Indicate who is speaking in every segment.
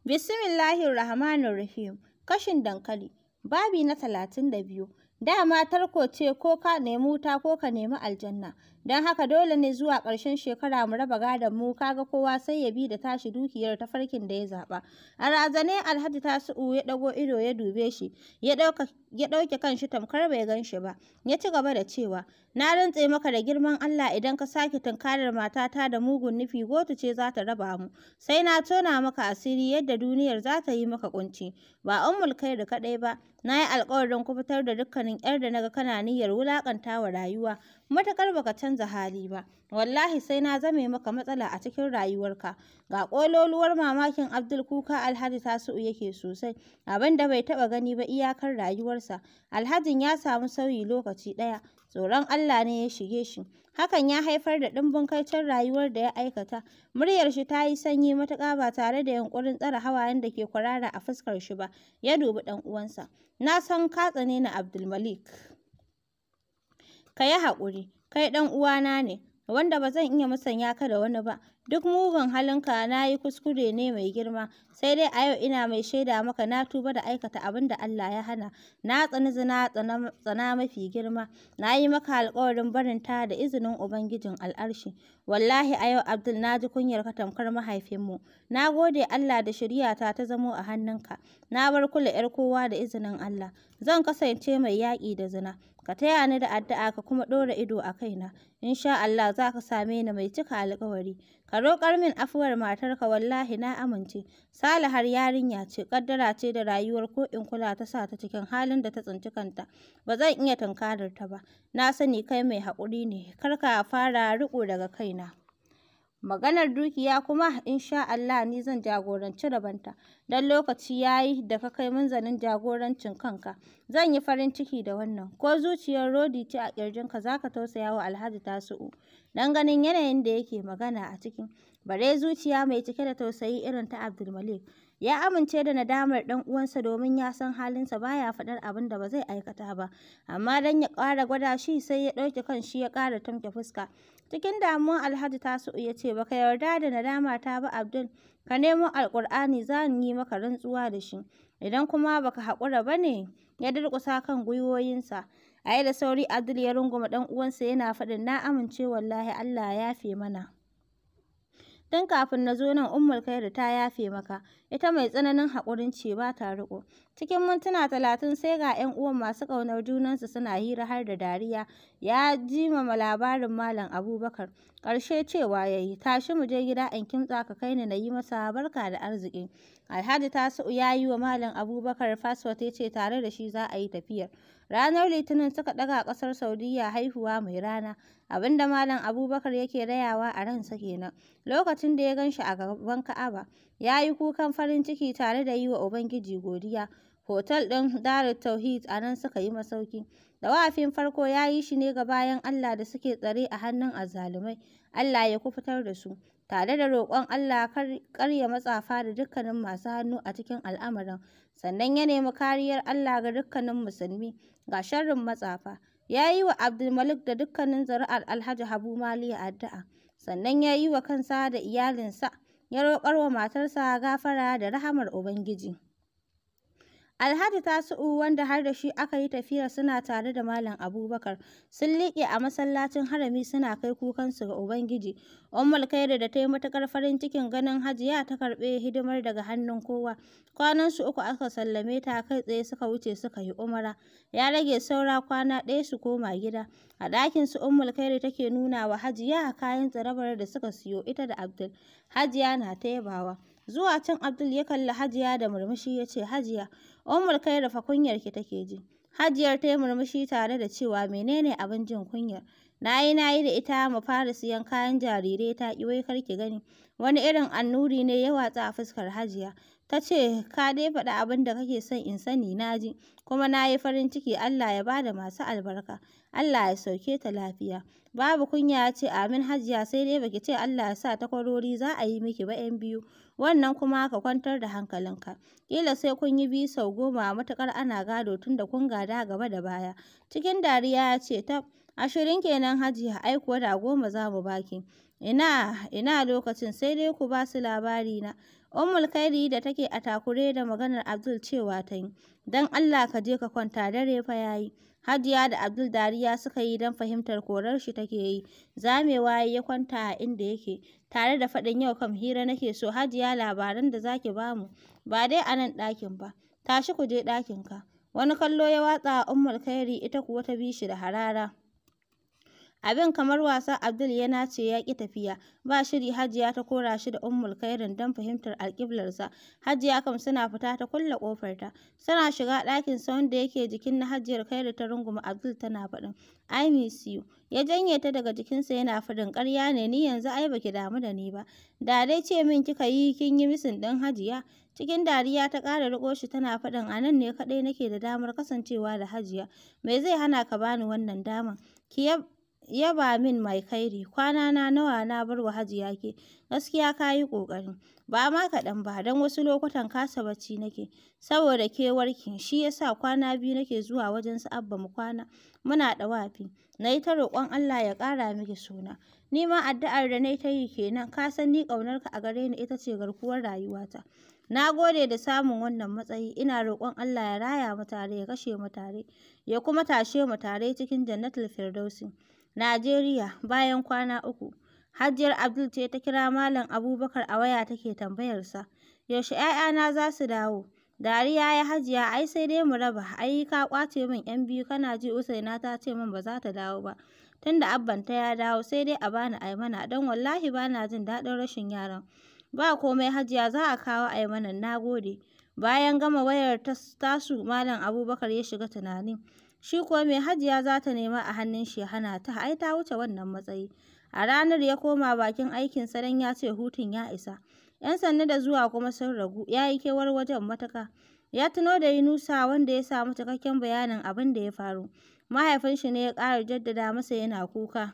Speaker 1: Bismillahirrahmanirrahim. Rahmanir Rahim. Kashin dankali. Babi na talatin da biyu. Dama tarko ce ko ka nemi wuta ko ka nemi aljanna. Don haka dole ne zuwa ƙarshen shekara mu raba gadon mu kaga kowa sai ya bi da tashi dukiyar ta farkin da ya zaɓa. A razane Alhaji Tasu'u ya ɗago ido ya dube shi, ya ɗauke kanshi tamkar bai gan shi ba. Ya ci gaba da cewa, na rantse maka da girman Allah idan ka sake tunkarar matata da mugun nufi gotu ce za ta raba mu. Sai na tona maka asiri yadda duniyar za ta yi maka kunci. Ba ummul da kaɗai ba, na yi alƙawarin kubutar da dukkanin 'yar da naga kana niyyar wulaƙanta wa rayuwa. matuƙar baka canza hali ba wallahi sai na zame maka matsala a cikin rayuwarka ga ƙololuwar mamakin abdul kuka alhaji tasu'u yake sosai abin da bai taɓa gani ba iyakar rayuwarsa alhajin ya samu sauyi lokaci ɗaya tsoron allah ne ya shige shi hakan ya haifar da ɗimbin kaicin rayuwar da ya aikata muryar shi ta yi sanyi matuƙa ba tare da yunƙurin tsare hawayen da ke kwarara a fuskar shi ba ya dubi ɗan uwansa na san ka tsane na abdulmalik Ka yi haƙuri, kai ɗan uwana ne, wanda ba zan iya musanya ka da wani ba. Duk mugun halinka na yi kuskure ne mai girma, sai dai a yau ina mai shaida maka na tuba da aikata abin da Allah ya hana. Na tsani zina tsana mafi girma, na yi maka alƙawarin barin ta da izinin Ubangijin al'arshi. Wallahi a yau Abdul na ji kunyar ka tamkar mahaifinmu. Na gode Allah da shiriyata ta zamo a hannunka, na bar kula ‘yar kowa da izinin Allah. zan kasance mai yaƙi da zina ka taya ni da addu'a ka kuma ɗora ido a kaina insha Allah za ka same ni mai cika alƙawari ka roƙar min afuwar matarka wallahi na amince har yarinya ce ƙaddara ce da rayuwar ko in kula ta sa ta cikin halin da ta tsinci kanta ba zan iya tunkarar ta ba na sani kai mai haƙuri ne kar ka fara riƙo daga kaina Maganar dukiya kuma, insha Allah ni zan jagoranci rabonta, dan lokaci yayi da ka kai mun zanin jagorancin kanka. Zan yi farin ciki da wannan, ko zuciyar rodi ce a kirjin za ka tausaya wa Alhaji Tasu'u, dan ganin yanayin da yake magana a cikin? Bare zuciya mai cike da tausayi irin ta Abdulmalik. ya amince da nadamar ɗan uwansa domin ya san halinsa baya faɗar abin da ba zai aikata ba amma dan ya ƙara gwada shi sai ya ɗauke kan shi ya ƙara tamke fuska Cikin damuwa Alhaji Tasu'u ya ce, Baka yarda da nadama ta ba Abdul, ka nemo alkur'ani za mu yi maka rantsuwa da shi, idan kuma baka haƙura ba ne, ya durƙusa kan gwiwoyinsa. A da sauri Abdul ya runguma ɗan uwansa yana faɗin na amince wallahi Allah ya yafe mana. Don kafin na zo nan Ummul kaira ta yafe maka, ita mai tsananin haƙurin ce ba ta riƙo. Cikin mintuna talatin sai ga 'yan uwan masu ƙaunar junansu suna hira har da dariya. Ya jimama labarin Malam Abubakar. Ƙarshe cewa ya yi, tashi mu je gida in kimtsa ka kai ni na yi masa barka da arziki. Alhaji Tasi'u ya yi wa Malam Abubakar fasfot ya ce tare da shi za a yi tafiyar. Ranar Litinin suka ɗaga a ƙasar Saudiyya haihuwa mai rana, abinda Malam Abubakar yake rayawa a ransa kenan. Lokacin da ya gan shi a gaban Ka'aba, ya yi kukan farin ciki tare da yi wa Ubangiji godiya. Hotel ɗin darar Tauhid a nan suka yi masauki. Dawafin farko ya yi shi ne ga bayan Allah da suke tsare a hannun azzalumai. Allah ya kufutar da su. tare da roƙon Allah kar ya matsafa da dukkanin masu hannu a cikin al'amarin, sannan ya nemi kariyar Allah ga dukkanin musulmi ga sharrin matsafa. Ya yi wa Abdulmalik da dukkanin zuri'ar Alhaji Habu Maliya addu'a, sannan ya yi wa kansa da iyalinsa, ya roƙar wa matarsa gafara da rahamar Ubangiji. Alhaji Tasu'u wanda har da shi aka yi tafiya, suna tare da Malam Abubakar sun liƙe a masallacin harami suna kai kukansu ga Ubangiji. Ummul Kaida da ta yi matuƙar farin cikin ganin Hajiya ta karɓe hidimar daga hannun kowa. Kwanan su uku aka sallame ta kai tsaye suka wuce suka yi umara. Ya rage saura kwana ɗaya su koma gida. A ɗakin su Ummul take nuna wa Hajiya kayan tsarabar da suka siyo ita da Abdul. Hajiya na taimawa. Zuwa can Abdul ya kalli Hajiya da murmushi ya ce, Hajiya, Umar kai rufe kunyar ki take ji. Hajiyar ta yi murmushi tare da cewa menene abin jin kunyar. Na yi na yi da ita mu fara siyan kayan jarirai ta ƙi wai kar ki gani. Wani irin annuri ne ya watsa a fuskar Hajiya. Ta ce, ka dai faɗi abin da kake son in sani na ji, kuma na yi farin ciki Allah ya bada masu albarka, Allah ya sauke ta lafiya. Babu kunya ya ce, amin Hajiya sai dai baki ce Allah ya sa takwarori za a yi miki ba 'yan biyu. wannan kuma ka kwantar da hankalinka kila sai kun yi biyu sau goma matuƙar ana gado tun da kun gada gaba da baya cikin dariya ya ce tab Ashirin kenan haji ai kuwa da goma za mu ba Ina, ina lokacin sai dai ku ba su na. Ummul Khairi da take a takure da maganar Abdul cewa ta yi, don Allah ka je ka kwanta dare fa yayi. Hajiya da Abdul dariya suka yi don fahimtar korar shi take yi, zamewa ya kwanta inda yake, tare da faɗin yau kam hira nake so Hajiya labaran da zaki bamu, ba dai a nan ɗakin ba, tashi ku je ɗakin ka. Wani kallo ya watsa wa Ummul Khairi ita kuwa ta bi shi da harara. Abin kamar wasa Abdul yana ce ya ƙi tafiya. Ba shiri Hajiya ta kora shi da Ummul Khairin don fahimtar alƙiblarsa. Hajiya kam suna fita ta kulle ƙofarta. Suna shiga ɗakin ɗakinsa wanda yake jikin na Hajiyar Khairu ta runguma Abdul tana faɗin. I miss you. Ya janye ta daga jikinsa yana faɗin ƙarya ne ni yanzu ai baki damu da ni ba. Da dai ce min kika yi kin yi misin ɗin Hajiya. Cikin dariya ta ƙara riƙo shi tana faɗin a nan ne kaɗai nake da damar kasancewa da Hajiya. Me zai hana ka bani wannan damar? Ki yaba min mai kairi kwana na nawa na bar wa hajiya ke gaskiya ka yi ƙoƙari ba ma kaɗan ba don wasu lokutan kasa bacci nake saboda kewarki shi yasa kwana biyu nake zuwa wajen su abba mu kwana muna ɗawafi na yi ta roƙon Allah ya ƙara miki suna ni ma addu'ar da na yi ta yi kenan ka san ni ƙaunarka a gare ni ita ce garkuwar rayuwata Na gode da samun wannan matsayi, ina roƙon Allah ya raya mu tare, ya kashe mu tare, ya kuma tashe mu tare cikin jannatul firdausi. Najeriya bayan kwana uku, Hajiyar Abdul ce ta kira Malam Abubakar a waya take tambayarsa, yaushe ‘ya'yana za su dawo? Dariya ya Hajiya ai sai dai mu raba, ai ka kwace min 'yan biyu kana ji Usaina ta ce min ba za ta dawo ba, tunda abbanta ya dawo sai dai a bani Aimana don wallahi bana jin daɗin rashin yaran. Ba komai Hajiya za a kawo Aimanan na gode. Bayan gama wayar tasu Malam Abubakar ya shiga tunanin. Shi kuwa mai hajiya za ta nema a hannun shi ya hana ta ai ta wuce wannan matsayi. A ranar ya koma bakin aikin don ya ce hutun ya isa. 'Yan sanda da zuwa kuma sun ragu, ya yi kewar wajen matuka. Ya tuno da Yunusa wanda ya samu cikakken bayanin abin da ya faru. Mahaifin shi ne ya ƙara jaddada masa yana kuka.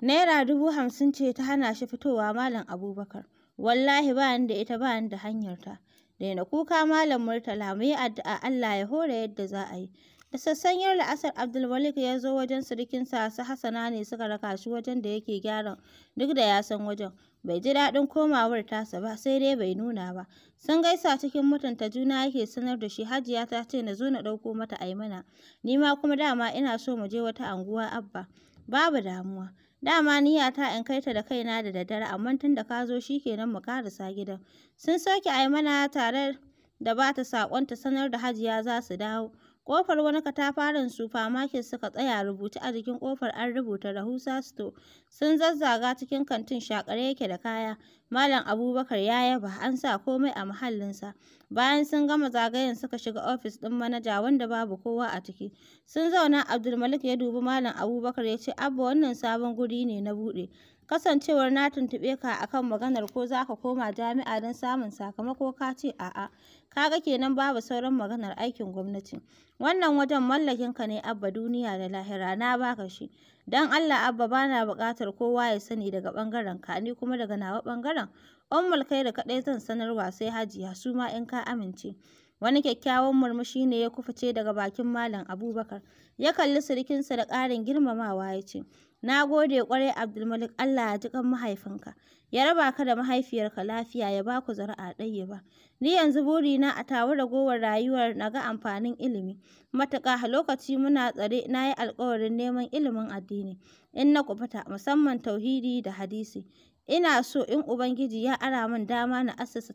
Speaker 1: Naira dubu hamsin ce ta hana shi fitowa Malam Abubakar. Wallahi ba ni da ita ba ni da hanyarta. Daina kuka Malam Murtala mu yi addu'a Allah ya hore yadda za a yi. Da sassan yar la'asar Abdulmalik ya zo wajen sa su Hassana ne suka raka shi wajen da yake gyaran duk da ya san wajen. Bai ji daɗin komawar tasa ba sai dai bai nuna ba. Sun gaisa cikin mutunta juna yake sanar da shi Hajiya ta ce na zo na ɗauko mata Aimana. Ni ma kuma dama ina so mu je wata anguwa Abba. Babu damuwa. Dama niyyata in kai da kaina da daddare amma tun da ka zo shi kenan mu karasa gidan. Sun soke Aimana tare da ba ta saƙon ta sanar da Hajiya za su dawo. Ƙofar wani katafaren supermarket suka tsaya rubuce a jikin ƙofar an rubuta Rahusa sto Sun zazzaga cikin kantin shakare yake da kaya. Malam Abubakar ya yaba, an sa komai a muhallinsa. Bayan sun gama zagayen suka shiga ofis ɗin manaja wanda babu kowa a ciki. Sun zauna Abdulmalik ya dubi Malam Abubakar ya ce, Abba wannan sabon guri ne na buɗe. Kasancewar na tuntuɓe ka akan maganar ko za ka koma jami'a don samun sakamako ka ce a'a. Kaga kenan babu sauran maganar aikin gwamnati. Wannan wajen mallakin ka ne Abba duniya da lahira na baka shi. Don Allah Abba ba na buƙatar kowa ya sani daga ɓangaren ka ni kuma daga nawa ɓangaren. Ummul kai da kaɗai zan sanarwa sai Hajiya su ma in ka amince. Wani kyakkyawan murmushi ne ya kufuce daga bakin Malam Abubakar. Ya kalli sirikinsa da ƙarin girmamawa ya ce, Na gode ƙwarai Abdulmalik, Allah ya ji kan mahaifinka, ya raba ka da mahaifiyarka lafiya, ya ba ku ɗaya ba. Ni yanzu burina a tawa ragowar rayuwar na ga amfanin ilimi. Matuƙa lokaci muna tsare na yi alƙawarin neman ilimin addini, in na kuɓuta, musamman tauhidi da hadisi. Ina so in Ubangiji ya ara min dama na asusu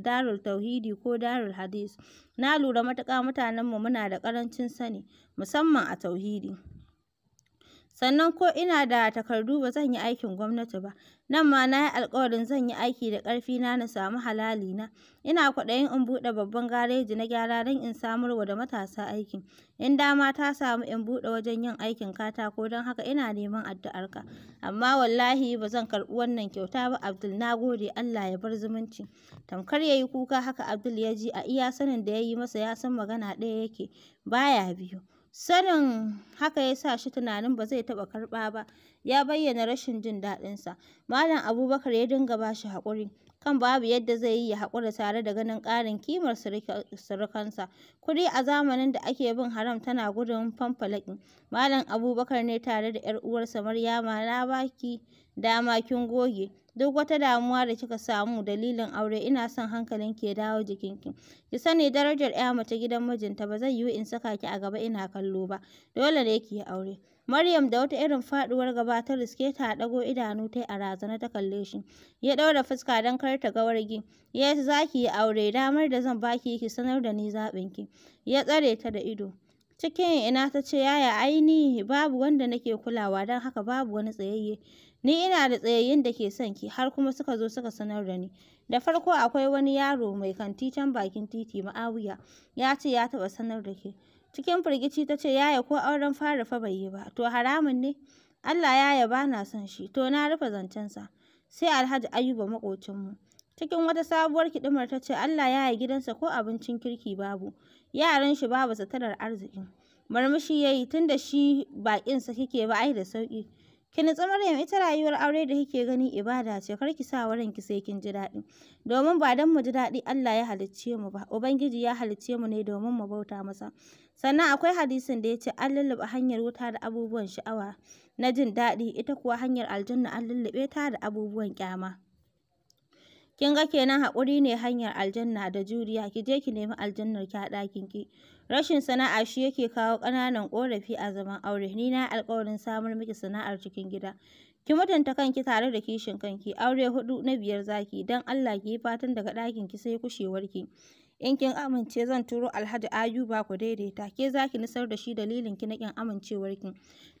Speaker 1: darul tauhidi ko darul hadisi. Na lura matuƙa mutanenmu muna da ƙarancin sani, musamman a tauhidi. Sannan ko ina da takardu ba zan yi aikin gwamnati ba. Nan ma na yi alƙawarin zan yi aiki da ƙarfina na na samu halali na Ina kwaɗayin in buɗe babban gareji na gyara don in samar wa da matasa aikin. In dama ta samu in buɗe wajen yin aikin katako don haka ina neman addu'arka. Amma wallahi ba zan karɓi wannan kyauta ba Abdul na gode Allah ya bar zumunci. Tamkar ya yi kuka haka Abdul ya ji a iya sanin da ya yi masa ya san magana ɗaya yake, baya biyu. Sanin haka ya sa shi tunanin ba zai taɓa karɓa ba, ya bayyana rashin jin daɗinsa. Malam Abubakar ya dinga ba shi haƙuri, kan babu yadda zai yi ya haƙura tare da ganin ƙarin kimar surukansa. Kuɗi a zamanin da ake bin haram tana gudun fanfalaƙi. Malam Abubakar ne tare da ‘yar uwarsa Maryama na ba dama kin goge, Duk wata damuwa da kika samu dalilin aure ina son ki ya dawo jikinki. Ki sani darajar ‘ya mace gidan mijinta ba zai yiwu in saka ki a gaba ina kallo ba. Dole ne ki yi aure. Maryam da wata irin faduwar gaba ta riske ta a ɗago idanu yi a razana ta kalle shi. Ya ɗaura fuska don kar ta ga wargi. Ya za ki yi aure damar da zan baki ki sanar da ni zaɓin ki. Ya tsare ta da ido. Cikin ina ta ce, Yaya ainihi, babu wanda nake kulawa don haka babu wani tsayayye. Ni ina da tsayayyen da ke son ki har kuma suka zo suka sanar da ni. Da farko akwai wani yaro mai kanti can bakin titi ma'awiya ya ce ya taba sanar da ke. Cikin firgici ta ce, Yaya ko auren fara fa bai yi ba, to haramun ne? Allah yaya yaba na son shi, to na rufe zancensa. Sai Alhaji Ayuba maƙocinmu. Cikin wata sabuwar kiɗimar ta ce, Allah yaya gidansa ko abincin kirki babu. yaran shi babu satarar arziki murmushi yayi tunda shi baƙin sa kike ba ai da sauki ki Maryam ita rayuwar aure da kike gani ibada ce kar ki sa wa ranki sai kin ji daɗi domin ba dan mu ji daɗi Allah ya halicce mu ba ubangiji ya halicce mu ne domin mu bauta masa sannan akwai hadisin da yace an lullube hanyar wuta da abubuwan sha'awa na jin daɗi ita kuwa hanyar aljanna an lullube ta da abubuwan kyama Kin ga kenan haƙuri ne hanyar aljanna da juriya, ki je ki nemi aljannar ki a ɗakin ki. Rashin sana'a shi yake kawo ƙananan ƙorafi a zaman aure, ni na alƙawarin samar miki sana'ar cikin gida. Ki mutunta kanki tare da kishin kanki, aure hudu na biyar zaki. ki Allah ki yi fatan daga ɗakin ki sai kushewar ki. in kin amince zan turo Alhaji Ayuba ku daidaita ke zaki nisar da shi dalilin ki na kin ki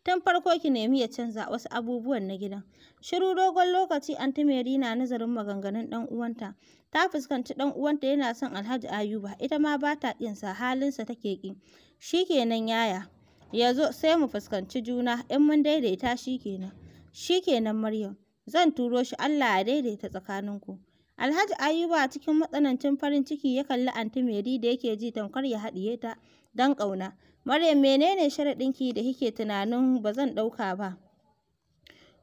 Speaker 1: tun farko ki nemi ya canza wasu abubuwan na gidan shiru dogon lokaci anti Mary na nazarin maganganun dan uwanta ta fuskanci dan uwanta yana son Alhaji Ayuba ita ma ba ta halin halinsa take ki shikenan yaya yazo sai mu fuskanci juna in mun daidaita shikenan shikenan Maryam zan turo shi Allah ya daidaita tsakaninku Alhaji Ayuba cikin matsanancin farin ciki ya kalli Anti Mary da yake ji tamkar ya haɗiye ta don ƙauna. Maryam menene sharaɗinki da kike tunanin ba zan ɗauka ba?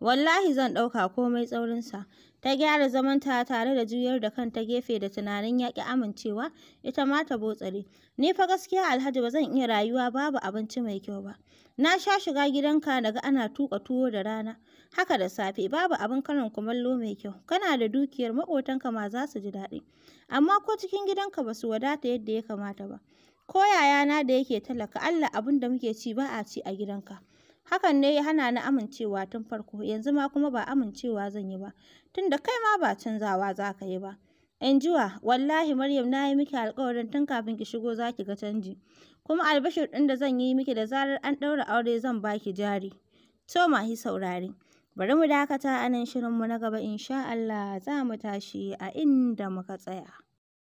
Speaker 1: Wallahi zan ɗauka komai tsaurinsa. Ta gyara zamanta tare da juyar da kanta gefe da tunanin ya amincewa, ita ma ta botsare. Ni fa gaskiya Alhaji ba zan iya rayuwa babu abinci mai kyau ba. Na sha shiga gidanka ga ana tuƙa tuwo da rana. Haka da safe babu abin karin kumallo mai kyau. Kana da dukiyar maƙotanka ma za su ji daɗi. Amma ko cikin gidanka ba su wadata yadda ya kamata ba. Ko yayana da yake talaka Allah abin da muke ci ba a ci a gidanka. Hakan ne ya hana ni amincewa tun farko, yanzu ma kuma ba amincewa zan yi ba, tunda kai ma ba canzawa za ka yi ba. Injiwa, wallahi Maryam na yi miki alƙawarin tun kafin ki shigo za ki ga canji, kuma albashir ɗin da zan yi miki da zarar an ɗaura aure zan baki jari. To ma hi saurare. Bari mu dakata a nan, shirinmu na gaba insha Allah za mu tashi a inda muka tsaya.